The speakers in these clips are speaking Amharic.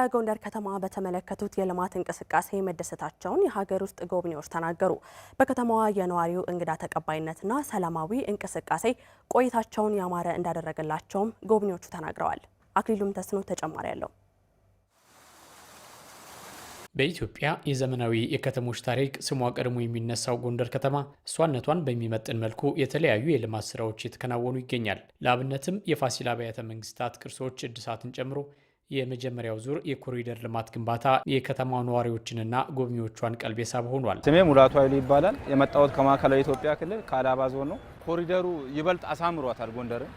በጎንደር ከተማ በተመለከቱት የልማት እንቅስቃሴ መደሰታቸውን የሀገር ውስጥ ጎብኚዎች ተናገሩ። በከተማዋ የነዋሪው እንግዳ ተቀባይነትና ሰላማዊ እንቅስቃሴ ቆይታቸውን ያማረ እንዳደረገላቸውም ጎብኚዎቹ ተናግረዋል። አክሊሉም ተስኖ ተጨማሪ ያለው በኢትዮጵያ የዘመናዊ የከተሞች ታሪክ ስሟ ቀድሞ የሚነሳው ጎንደር ከተማ እሷነቷን በሚመጥን መልኩ የተለያዩ የልማት ስራዎች እየተከናወኑ ይገኛል። ለአብነትም የፋሲል አብያተ መንግስታት ቅርሶች እድሳትን ጨምሮ የመጀመሪያው ዙር የኮሪደር ልማት ግንባታ የከተማው ነዋሪዎችንና ጎብኚዎቿን ቀልብ ሳብ ሆኗል። ስሜ ሙላቱ ኃይሉ ይባላል። የመጣሁት ከማዕከላዊ ኢትዮጵያ ክልል ከአላባ ዞን ነው። ኮሪደሩ ይበልጥ አሳምሯታል። ጎንደርን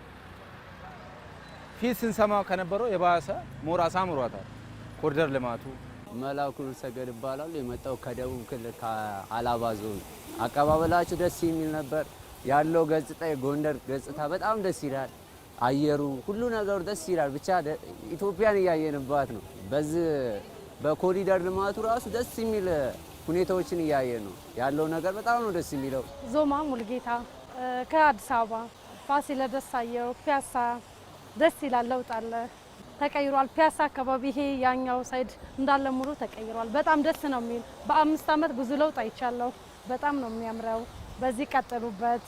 ፊት ስንሰማ ከነበረው የባሰ ሞር አሳምሯታል። ኮሪደር ልማቱ መላኩ ሰገድ ይባላሉ። የመጣው ከደቡብ ክልል ከአላባ ዞን። አቀባበላቸው ደስ የሚል ነበር። ያለው ገጽታ የጎንደር ገጽታ በጣም ደስ ይላል። አየሩ ሁሉ ነገሩ ደስ ይላል። ብቻ ኢትዮጵያን እያየንባት ነው። በዚህ በኮሪደር ልማቱ ራሱ ደስ የሚል ሁኔታዎችን እያየን ነው ያለው ነገር በጣም ነው ደስ የሚለው። ዞማ ሙልጌታ ከአዲስ አበባ ፋሲለደስ አየሁ፣ ፒያሳ ደስ ይላል። ለውጥ አለ፣ ተቀይሯል። ፒያሳ አካባቢ ይሄ ያኛው ሳይድ እንዳለ ሙሉ ተቀይሯል። በጣም ደስ ነው የሚል። በአምስት ዓመት ብዙ ለውጥ አይቻለሁ። በጣም ነው የሚያምረው። በዚህ ቀጥሉበት።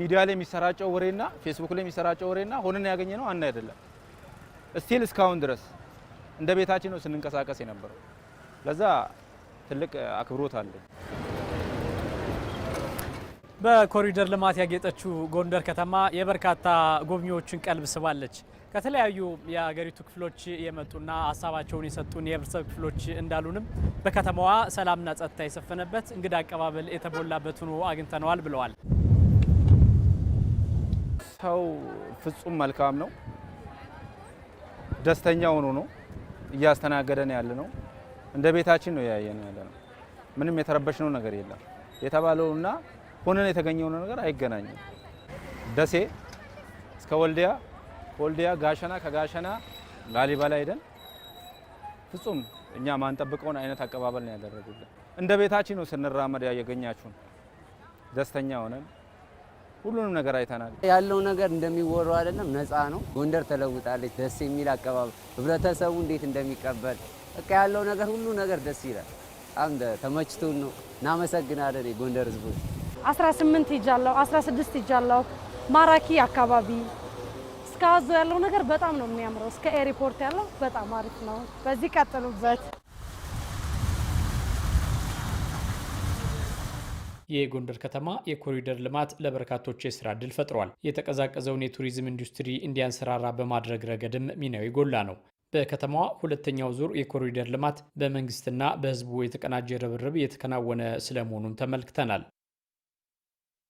ሚዲያ ላይ የሚሰራጨው ወሬና ፌስቡክ ላይ የሚሰራጨው ወሬና ሆነን ያገኘ ነው አንድ አይደለም። እስቲል እስካሁን ድረስ እንደ ቤታችን ነው ስንንቀሳቀስ የነበረው። ለዛ ትልቅ አክብሮት አለኝ። በኮሪደር ልማት ያጌጠችው ጎንደር ከተማ የበርካታ ጎብኚዎችን ቀልብ ስባለች። ከተለያዩ የሀገሪቱ ክፍሎች የመጡና ሀሳባቸውን የሰጡን የህብረተሰብ ክፍሎች እንዳሉንም በከተማዋ ሰላምና ጸጥታ የሰፈነበት እንግዳ አቀባበል የተሞላበት ሆኖ አግኝተነዋል ብለዋል። ሰው ፍጹም መልካም ነው። ደስተኛ ሆኖ ነው እያስተናገደን ያለ ነው። እንደ ቤታችን ነው ያየን ያለ ነው። ምንም የተረበሽነው ነገር የለም። የተባለውና ሆነን የተገኘው ነገር አይገናኝም። ደሴ እስከ ወልዲያ፣ ወልዲያ ጋሸና፣ ከጋሸና ላሊበላ ሄደን ፍጹም እኛ ማንጠብቀውን አይነት አቀባበል ነው ያደረጉልን። እንደ ቤታችን ነው ስንራመድ ያገኛችሁን ደስተኛ ሆነን ሁሉንም ነገር አይተናል። ያለው ነገር እንደሚወራው አይደለም፣ ነፃ ነው። ጎንደር ተለውጣለች። ደስ የሚል አቀባበል፣ ህብረተሰቡ እንዴት እንደሚቀበል በቃ ያለው ነገር ሁሉ ነገር ደስ ይላል። በጣም ተመችቶን ነው። እናመሰግናለን የጎንደር ህዝቦች። 18 ይጃለሁ፣ 16 ይጃለሁ። ማራኪ አካባቢ እስከ አዞ ያለው ነገር በጣም ነው የሚያምረው። እስከ ኤሪፖርት ያለው በጣም አሪፍ ነው። በዚህ ቀጥሉበት። የጎንደር ከተማ የኮሪደር ልማት ለበርካቶች የስራ እድል ፈጥሯል። የተቀዛቀዘውን የቱሪዝም ኢንዱስትሪ እንዲያንሰራራ በማድረግ ረገድም ሚናው የጎላ ነው። በከተማዋ ሁለተኛው ዙር የኮሪደር ልማት በመንግስትና በህዝቡ የተቀናጀ ርብርብ እየተከናወነ ስለመሆኑም ተመልክተናል።